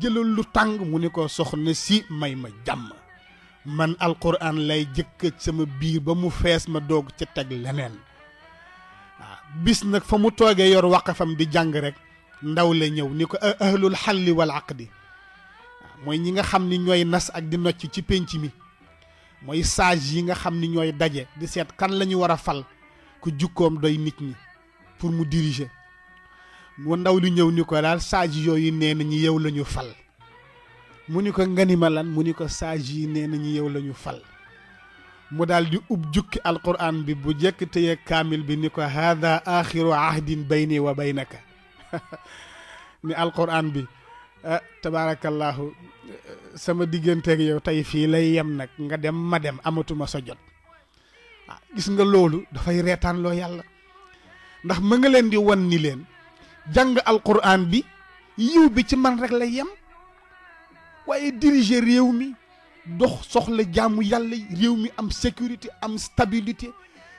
jëlal lu tàng mu ni ko soxna si may ma jàmm man alquran lay jëkk sama biir ba mu fees ma doog ca teg leneen bis nag fa mu toogee yor waqafam di jàng rek ndaw la ñëw ni ko eh, li xalli wal di mooy ñi nga xam ni ñooy nas ak di nocc ci pénc mi mooy sage yi nga xam ni ñooy daje di seet kan la ñu war a fal ku jukkoom doy nit ñi pour mu dirige mu ndaw li ñëw ni ko daal sage yooyu nee nañu yow la ñu fal mu ni ko ngani ma mu ni ko sage yi nee nañu yow la ñu fal mu daal di ub jukki alquran bi bu jëkk téye kaamil bi ni ko haada axiru ahdin bayni wa baynaka ni alquran bi ah sama digganteeg yow tey fii lay yem nag nga dem ma dem amatuma sa jot ah, gis nga loolu dafay reetaan loo yàlla ndax ma nga leen di wan ni leen jàng alquran bi yiw bi ci man rek lay yem waaye diriger réew mi dox soxla jaamu yàlla yi réew mi am sécurité am stabilité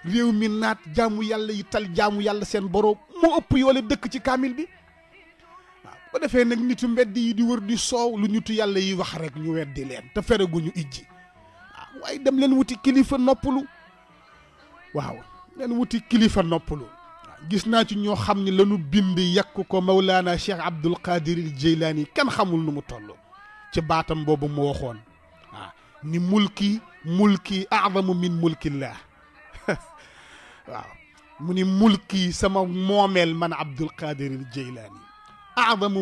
réew mi naat jaamu yàlla yi tal jaamu yàlla seen boroom moo ëpp yoole dëkk ci kaamil bi waaw bu defee nag nitu mbedd yi di wër di soow lu nitu yàlla yi wax rek ñu weddi leen te fereguñu ijji waaw waaye dem leen wuti kilifa noppalu waaw leen wuti kilifa noppalu gis naa ci ñoo xam ne lañu bind yàkk ko Mawlaana Cheikh Abdul Qadir yi kenn xamul nu mu toll ci baatam boobu mu waxoon ni mulki mulki aadamu min mulkillah waaw mu ni mulki sama moomeel man abdul qadir jeylaani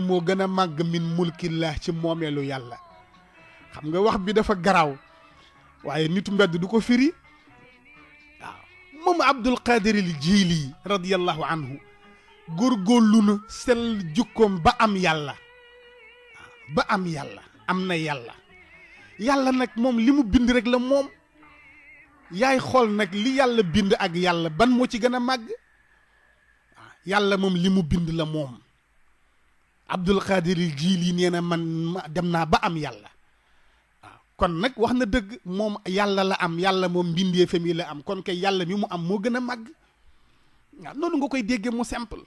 moo gën a màgg min mulkillah ci moomeelu yàlla xam nga wax bi dafa garaaw waaye nitu mbedd du ko firi waaw moom abdul qadir jeyli radiyallahu anhu góorgóorlu na sell jukkoom ba am yàlla ba am yàlla am na yàlla yàlla nag moom li mu bind rek la moom yaay xool nag li yàlla bind ak yàlla ban moo ci gën a màgg yàlla moom li mu bind la moom Abdul Qadir Jili nee na man dem naa ba am yàlla waaw kon nag wax na dëgg moom yàlla la am yàlla moom mbindeefam yi la am kon kay yàlla mi mu am moo gën a màgg waaw noonu nga koy déggee mu simple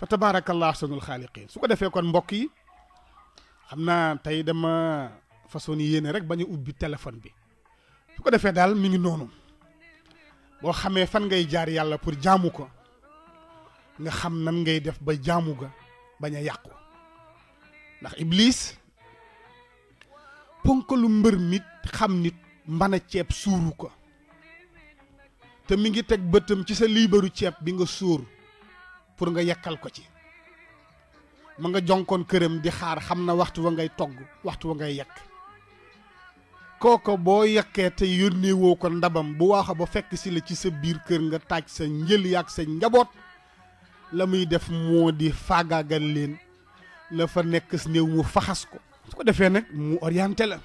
fa tabaarakallah ahsanul xaaliqiin su ko defee kon mbokk yi xam naa tey dama façon yéene rek bañ a ubbi téléphone bi su ko defee daal mi ngi noonu boo xamee fan ngay jaar yàlla pour jaamu ko nga xam nan ngay def ba jaamu ga bañ a yàqu ndax iblis ponkalu mbër nit xam nit mbana ceeb suuru ko te mu ngi teg bëtam ci sa liibaru ceeb bi nga suur pour nga yekkal ko ci ma nga jonkoon këram di xaar xam na waxtu wa ngay togg waxtu wa ngay yekk kooko boo yekkee te yónnee woo ko ndabam bu waaxa ba fekk si la ci sa biir kër nga taaj sa njël yaag sa njaboot la muy def moo di faagaagal leen la fa nekk néew mu faxas ko su ko defee nag mu orienté la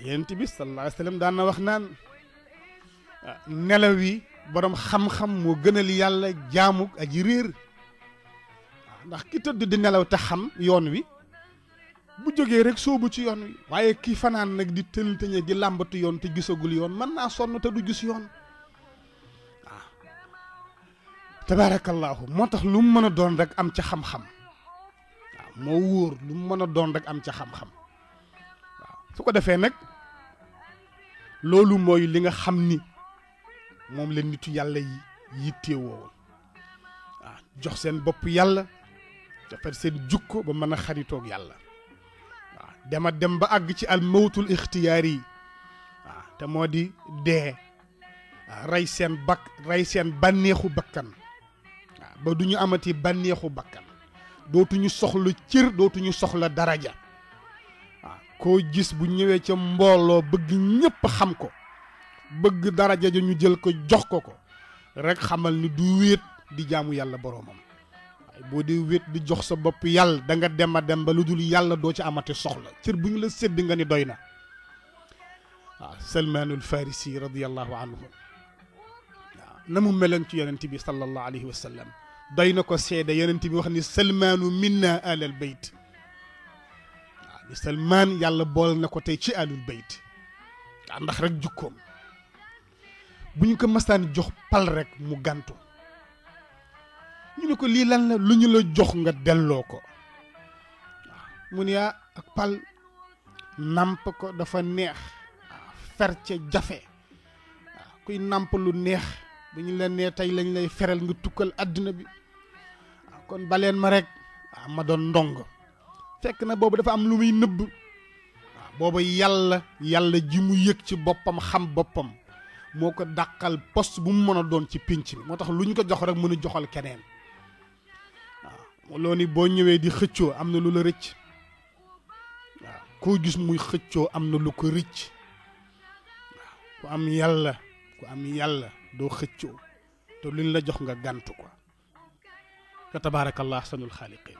yonent bi sallallahu alayhi daan na wax naan nelaw yi boroom xam-xam moo gënal yàlla jaamuk aji réer ndax ki tëdd di nelaw te xam yoon wi bu jógee rek soobu ci yoon wi waaye kii fanaan nag di tël tëñe di làmbatu yoon te gisagul yoon mën naa sonn te du gis yoon waaw ah. tabaarakallaahu moo tax lu mu mën a doon rek am ca xam-xam ah, moo wóor lu mu mën a doon rek am ca xam ah, su ko defee nag loolu mooy li nga xam ni moom leen nitu yàlla yi yittewoo woon waaw jox seen bopp yàlla defar seen jukko ba mën a xaritoog yàlla dama dem ba àgg ci al mawtul ixtiyaar yi waaw te moo di dee rey seen bak rey seen bànneexu bakkan ba du ñu amati bànneexu bakkan dootuñu soxla cër dootuñu soxla daraja waaw koo gis bu ñëwee ca mbooloo bëgg ñépp xam ko bëgg daraja ja ñu jël ko jox ko ko rekk xamal ni du wéet di jaamu yàlla boroomam boo dee wét di jox sa bopp yàlla danga nga dem a dem ba lu dul yàlla doo ci amate soxla cër bu ñu la sédd nga ni doy na waaw salmaanul farisi radiallahu anhu waaw na mu meloon ci bi sallallahu alayhi wa na ko seede yonent bi wax ni salmaanu minna alal bayt waaw ni salmaan yàlla bool na ko tey ci alul bayt waaw ndax rek jukkoom bu ñu ko masaan jox pal rek mu gàntu ñu ne ko lii lan la lu ñu la jox nga delloo ko waaw mu ne ak pal nàmp ko dafa neex fer ca jafe kuy nàmp lu neex bu ñu leen nee tey lañ lay fereel nga tukkal àddina bi kon baleen ma rek waaw ah, ma doon ndong fekk na boobu dafa am lu muy nëbb waaw boobu yàlla yàlla ji mu yëg ci boppam xam boppam moo ko daqal post bu mu mën a doon ci pinc mi moo tax lu ñu ko jox rek mën a joxal keneen loolu ni boo ñëwee di xëccoo am na lu la rëcc waaw koo gis muy xëccoo am na lu ko rëcc waaw ku am yàlla ku am yàlla doo xëccoo te luñ la jox nga gàntu ko te tabaarakallah sanul xaaliqiin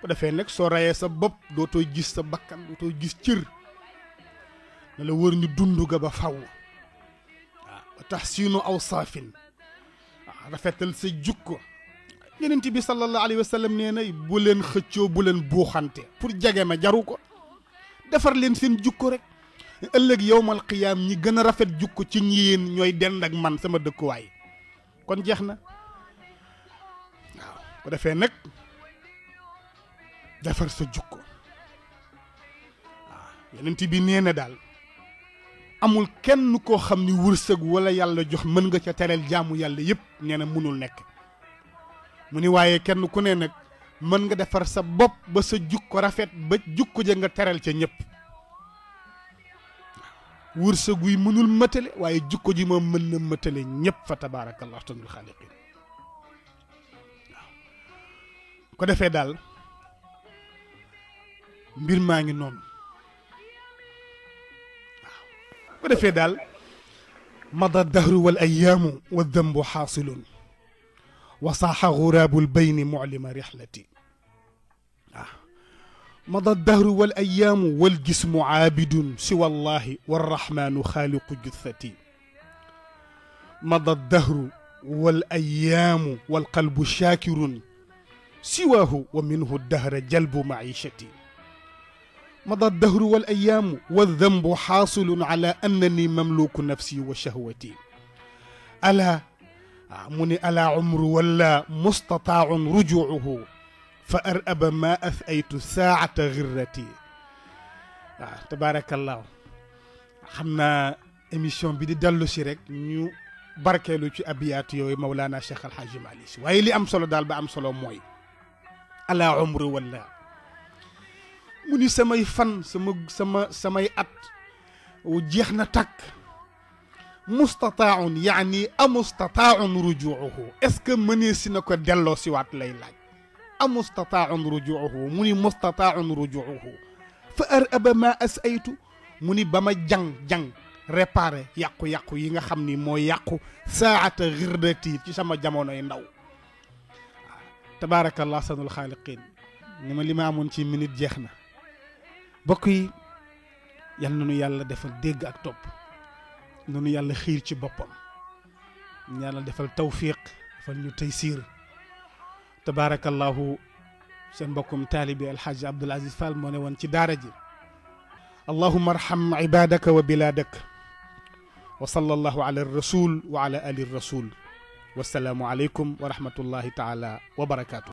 bu defee nag soo rayee sa bopp dootoo gis sa bakkan dootoo gis cër na la wër ni dund ga ba faw waaw tax siinu aw saafin waaw rafetal sa ko yonent bi sallallahu alayhi wa sallam nee na bu leen xëccoo bu leen buuxante pour jege ma jaru ko defar leen seen jukko rek ëllëg yowmal qiyaam ñi gën a rafet jukko ci ñi yéen ñooy dend ak man sama dëkkuwaay kon jeex na waaw ko defee nag defar sa jukko waaw yonent bi nee na daal amul kenn koo xam ni wërsëg wala yàlla jox mën nga ca tereel jaamu yàlla yëpp nee mënul nekk mu ni waaye kenn ku ne nag mën nga defar sa bopp ba sa juk ko rafet ba jukko ja nga teral ca ñëpp wërsëg wi mënul mëtale waaye jukko ji moom mën na mëtale ñëpp fa tabaarakallah tanul xaaliqin ko defee daal mbir maa ngi noonu ko defee daal mada dahru wal ayaamu wa dambu xaasilun وصاح غراب البين معلم رحلتي آه. مضى الدهر والأيام والجسم عابد سوى الله والرحمن خالق جثتي مضى الدهر والأيام والقلب شاكر سواه ومنه الدهر جلب معيشتي مضى الدهر والأيام والذنب حاصل على أنني مملوك نفسي وشهوتي ألا من ألا عمر ولا مستطاع رجوعه فأرأب ما أثأيت ساعة غرتي آه، تبارك الله حمنا إميشون بدي دلو شرك نيو باركلو تي أبيات يوي مولانا شيخ الحاج ماليس ويلي أم صلو دال بأم صلو موي ألا عمر ولا مني سماي فن سما سماي أت وجيحنا تك مستطاع يعني أمستطاع رجوعه اسك مني سينكو دلو سيوات ليلا أمستطاع رجوعه مني مستطاع رجوعه أبا ما أسأيت مني بما جان جان ريباري ياكو ياكو ينغا خمني مو ياكو ساعة غردتي تي سما جامونو تبارك الله سنو الخالقين نما لما أمون تي منيت جيخنا بكوي يالنونو يالا دفن ديغ اك nanu yàlla xiir ci boppam ñaanal defal tawfiq defal ñu taysiir tabaarakallahu seen mbokkum taalibi alxaaji abdul aziz fall moo ne woon ci daara ji allahuma arham ibadaka wa biladak wa sallallahu ala rasul wa ala ali rasul wasalaamu aleykum wa rahmatullahi taala wa barakaatu